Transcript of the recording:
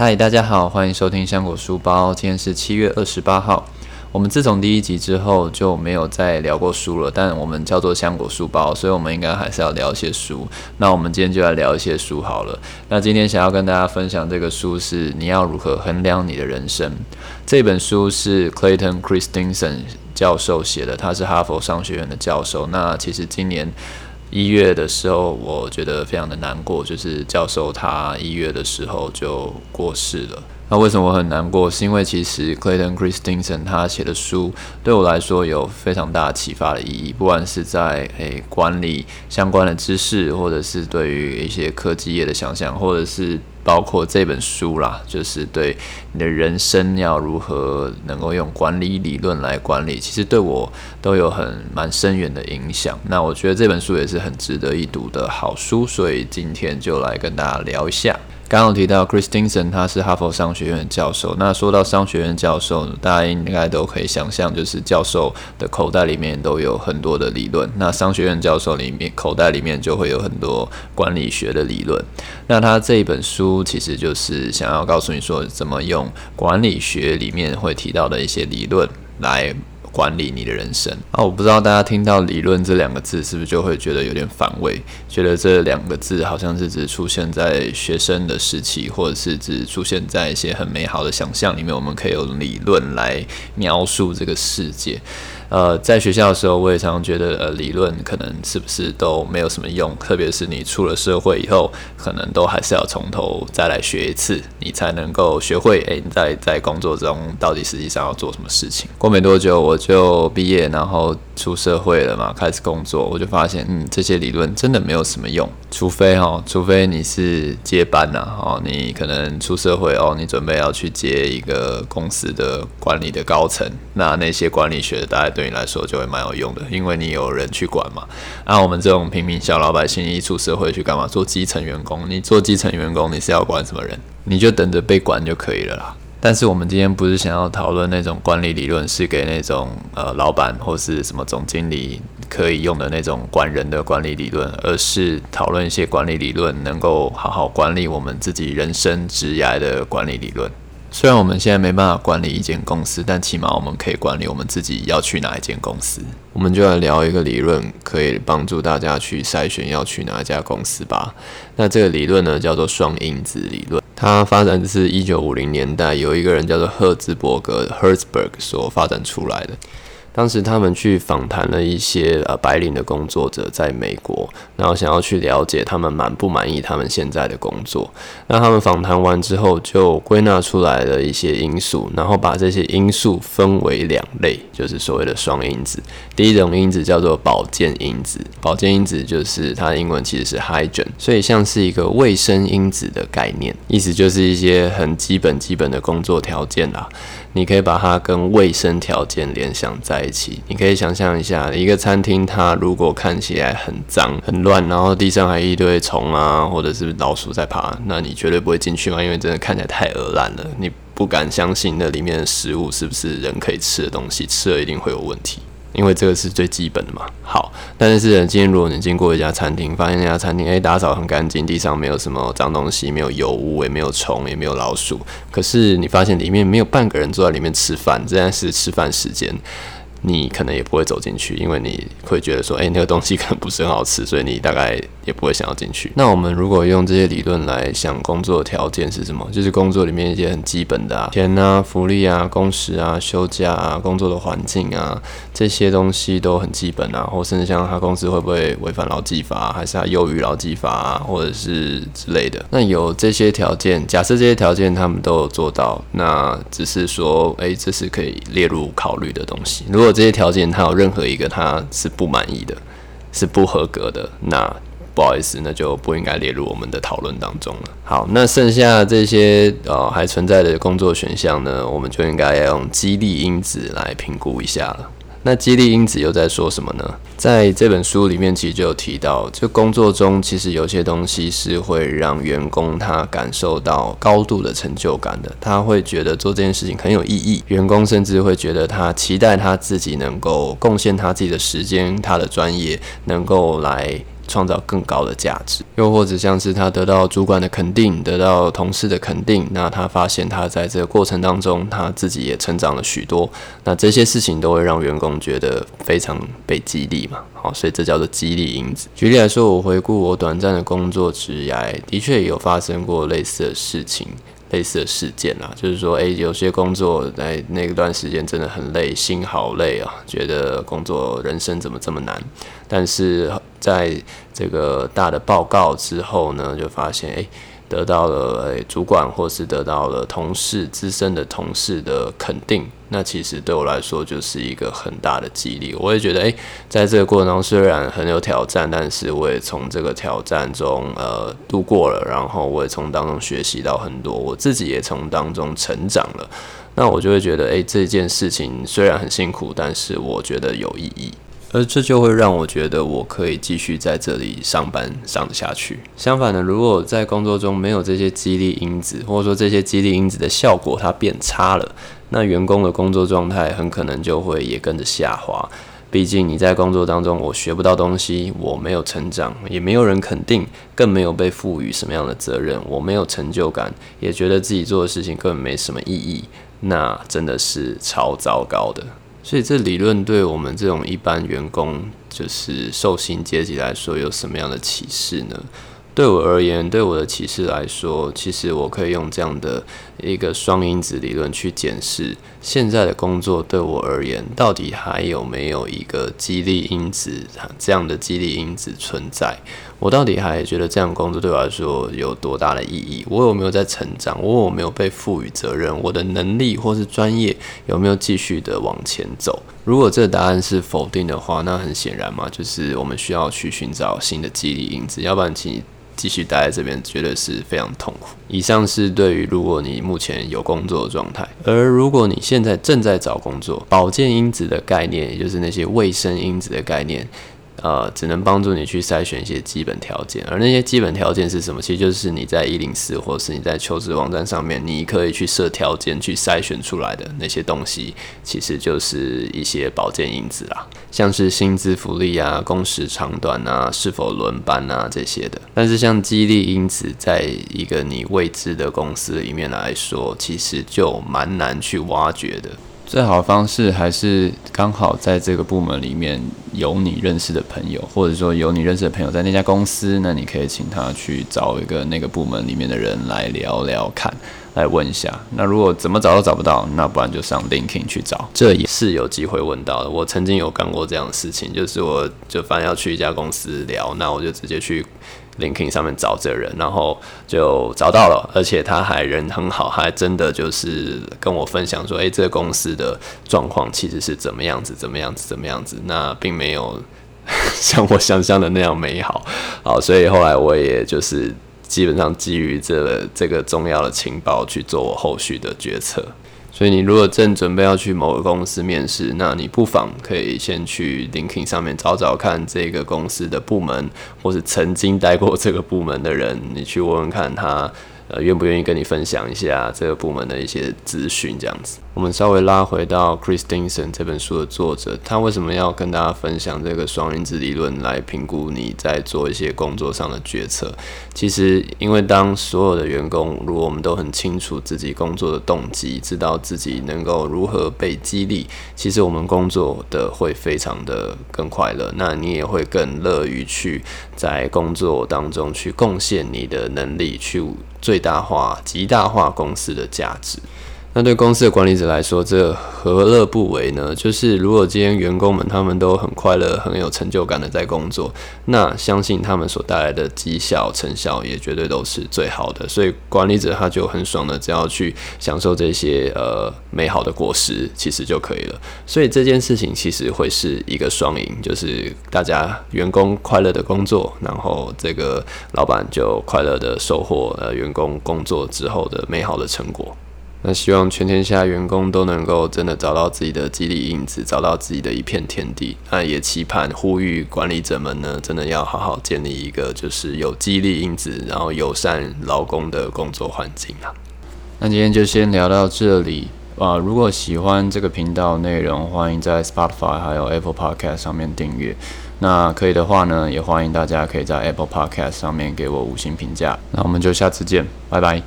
嗨，Hi，大家好，歡迎收聽香果書包。今天是七月二十八號。我們自從第一集之後就沒有再聊過書了，但我們叫做香果書包，所以我們應該還是要聊一些書。那我們今天就來聊一些書好了。那今天想要跟大家分享這個書是《你要如何衡量你的人生》，這本書是 Clayton Christensen 教授寫的，他是哈佛商學院的教授。那其實今年。一月的時候，我覺得非常的難過，就是教授他一月的時候就過世了。那為什麼我很難過？是因為其實 Clayton Christensen 他寫的書對我來說有非常大的啟發的意義，不管是在誒、欸、管理相關的知識，或者是對於一些科技業的想象，或者是包括這本書啦，就是對你的人生要如何能夠用管理理論來管理，其實對我都有很蠻深遠的影響。那我覺得這本書也是很值得一讀的好書，所以今天就來跟大家聊一下。剛剛提到 Christensen 他是哈佛商學院教授。那說到商學院教授，大家應該都可以想象，就是教授的口袋裡面都有很多的理論。那商學院教授裡面口袋裡面就會有很多管理學的理論。那他這一本書其實就是想要告訴你說，怎麼用管理學裡面會提到的一些理論來。管理你的人生啊。我不知道大家聽到“理論”這兩個字是不是就會覺得有點反胃，覺得這兩個字好像是只出現在學生的時期，或者是只出現在一些很美好的想象裡面。我們可以用理論來描述這個世界。呃，在學校的時候，我也常常覺得，呃，理論可能是不是都沒有什麼用，特別是你出了社會以後，可能都還是要從頭再來學一次，你才能夠學會。誒、欸，你在在工作中到底實際上要做什麼事情？過沒多久我就畢業，然後。出社會了嘛，開始工作，我就發現，嗯，這些理論真的沒有什麼用，除非哦，除非你是接班吶、啊，哦，你可能出社會哦，你準備要去接一個公司的管理的高層，那那些管理學大概對你來說就會蠻有用的，因為你有人去管嘛。那、啊、我們這種平民小老百姓一出社會去幹嘛？做基層員工，你做基層員工，你是要管什麼人？你就等着被管就可以了啦。但是我們今天不是想要討論那種管理理論，是給那種呃老闆或是什麼總經理可以用的那種管人的管理理論，而是討論一些管理理論能夠好好管理我們自己人生職涯的管理理論。雖然我們現在沒辦法管理一間公司，但起碼我們可以管理我們自己要去哪一間公司。我們就來聊一個理論，可以幫助大家去篩選要去哪一家公司吧。那這個理論呢，叫做雙因子理論。它發展是一九五零年代，有一個人叫做赫茲伯格 （Herzberg） 所發展出來的。當時他們去訪談了一些呃白領的工作者在美國，然後想要去了解他們滿不滿意他們現在的工作。那他們訪談完之後，就歸納出來了一些因素，然後把這些因素分為兩類，就是所謂的雙因子。第一種因子叫做保健因子，保健因子就是它的英文其實是 hygiene，所以像是一個衛生因子的概念，意思就是一些很基本基本的工作條件啦、啊，你可以把它跟衛生條件聯想在。你可以想象一下，一個餐廳它如果看起來很髒很亂，然後地上還一堆蟲啊，或者是老鼠在爬，那你絕對不會進去嘛，因為真的看起來太惡爛了，你不敢相信那裡面的食物是不是人可以吃的東西，吃了一定會有問題，因為這個是最基本的嘛。好，但是今天如果你經過一家餐廳，發現那家餐廳欸打掃很乾淨，地上沒有什麼髒東西，沒有油污，也沒有蟲，也沒有老鼠，可是你發現裡面沒有半個人坐在裡面吃飯，現在是吃飯時間。你可能也不會走進去，因為你會覺得說，哎、欸，那個東西可能不是很好吃，所以你大概也不會想要進去。那我們如果用這些理論來想，工作條件是什麼？就是工作裡面一些很基本的啊，錢啊、福利啊、工時啊、休假啊、工作的環境啊，這些東西都很基本啊。或甚至像他公司會不會違反勞基法，啊，還是他優於勞基法，啊，或者是之類的。那有這些條件，假設這些條件他們都有做到，那只是說，哎、欸，這是可以列入考慮的東西。如果如果這些條件，他有任何一個他是不滿意的，是不合格的，那不好意思，那就不應該列入我們的討論當中了。好，那剩下這些呃、哦、還存在的工作選項呢，我們就應該要用激勵因子來評估一下了。那激勵因子又在說什麼呢？在這本書裡面，其實就有提到，就工作中其實有些東西是會讓員工他感受到高度的成就感的，他會覺得做這件事情很有意義。員工甚至會覺得他期待他自己能夠貢獻他自己的時間、他的專業，能夠來創造更高的價值，又或者像是他得到主管的肯定，得到同事的肯定，那他發現他在這個過程當中，他自己也成長了許多。那這些事情都會讓員工覺得非常被激勵嘛。好，所以這叫做激勵因子。舉例來說，我回顧我短暫的工作職涯，的確有發生過類似的事情。類似的事件啦，就是說，誒，有些工作在那段時間真的很累，心好累啊，覺得工作人生怎麼這麼難。但是在這個大的報告之後呢，就發現，誒。得到了誒主管，或是得到了同事、資深的同事的肯定，那其實對我來說就是一個很大的激勵。我也覺得，誒，在這個過程當中雖然很有挑戰，但是我也從這個挑戰中，呃，度過了，然後我也從當中學習到很多，我自己也從當中成長了。那我就會覺得，誒，這件事情雖然很辛苦，但是我覺得有意義。而這就會讓我覺得我可以繼續在這裡上班上得下去。相反的，如果在工作中沒有這些激勵因子，或者說這些激勵因子的效果它變差了，那員工的工作狀態很可能就會也跟着下滑。畢竟你在工作當中，我學不到東西，我沒有成長，也沒有人肯定，更沒有被賦予什麼樣的責任，我沒有成就感，也覺得自己做的事情根本沒什麼意義，那真的是超糟糕的。所以這理論對我們這種一般員工，就是受薪階級來說，有什麼樣的啟示呢？對我而言，對我的啟示來說，其實我可以用這樣的。一個雙因子理論去檢視現在的工作對我而言，到底還有沒有一個激勵因子？這樣的激勵因子存在，我到底還覺得這樣工作對我來說有多大的意義？我有沒有在成長？我有沒有被賦予責任？我的能力或是專業有沒有繼續的往前走？如果這個答案是否定的話，那很顯然嘛，就是我們需要去尋找新的激勵因子，要不然請你繼續待在這邊，覺得是非常痛苦。以上是對於如果你目前有工作的狀態，而如果你現在正在找工作，保健因子的概念，也就是那些衛生因子的概念。呃，只能幫助你去篩選一些基本條件，而那些基本條件是什麼？其實就是你在一零四，或是你在求職網站上面，你可以去設條件去篩選出來的那些東西，其實就是一些保健因子啦，像是薪資福利啊、工時長短啊、是否輪班啊這些的。但是像激勵因子，在一個你未知的公司裡面來說，其實就蠻難去挖掘的。最好的方式還是剛好在這個部門裡面有你認識的朋友，或者說有你認識的朋友在那家公司，那你可以請他去找一個那個部門裡面的人來聊聊看，來問一下。那如果怎麼找都找不到，那不然就上 LinkedIn 去找，這也是有機會問到的。我曾經有幹過這樣的事情，就是我就反正要去一家公司聊，那我就直接去 LinkedIn 上面找這個人，然後就找到了，而且他還人很好，他還真的就是跟我分享說，誒、欸，這個公司的狀況其實是怎麼樣子，怎麼樣子，怎麼樣子，那並沒有像我想象的那樣美好。好，所以後來我也就是基本上基於這個、這個重要的情報去做我後續的決策。所以，你如果正準備要去某個公司面試，那你不妨可以先去 LinkedIn 上面找找看這個公司的部門，或是曾經待過這個部門的人，你去問問看他。呃，願不願意跟你分享一下這個部門的一些資訊？這樣子，我們稍微拉回到 Christensen 這本書的作者，他為什麼要跟大家分享這個雙因子理論來評估你在做一些工作上的決策？其實，因為當所有的員工，如果我們都很清楚自己工作的動機，知道自己能夠如何被激勵，其實我們工作的會非常的更快樂。那你也會更樂於去在工作當中去貢獻你的能力，去最。最大化、極大化公司的價值。那對公司的管理者來說，這何樂不為呢？就是如果今天員工們他們都很快樂、很有成就感的在工作，那相信他們所帶來的績效、成效也絕對都是最好的。所以管理者他就很爽的，只要去享受這些呃美好的果實，其實就可以了。所以這件事情其實會是一個雙贏，就是大家員工快樂的工作，然後這個老闆就快樂的收穫呃員工工作之後的美好的成果。那希望全天下員工都能夠真的找到自己的激勵因子，找到自己的一片天地。那也期盼呼籲管理者們呢，真的要好好建立一個就是有激勵因子，然後友善勞工的工作環境啊。那今天就先聊到這裡啊。如果喜歡這個頻道內容，歡迎在 Spotify 還有 Apple Podcast 上面訂閱。那可以的話呢，也歡迎大家可以在 Apple Podcast 上面給我五星評價。那我們就下次見，拜拜。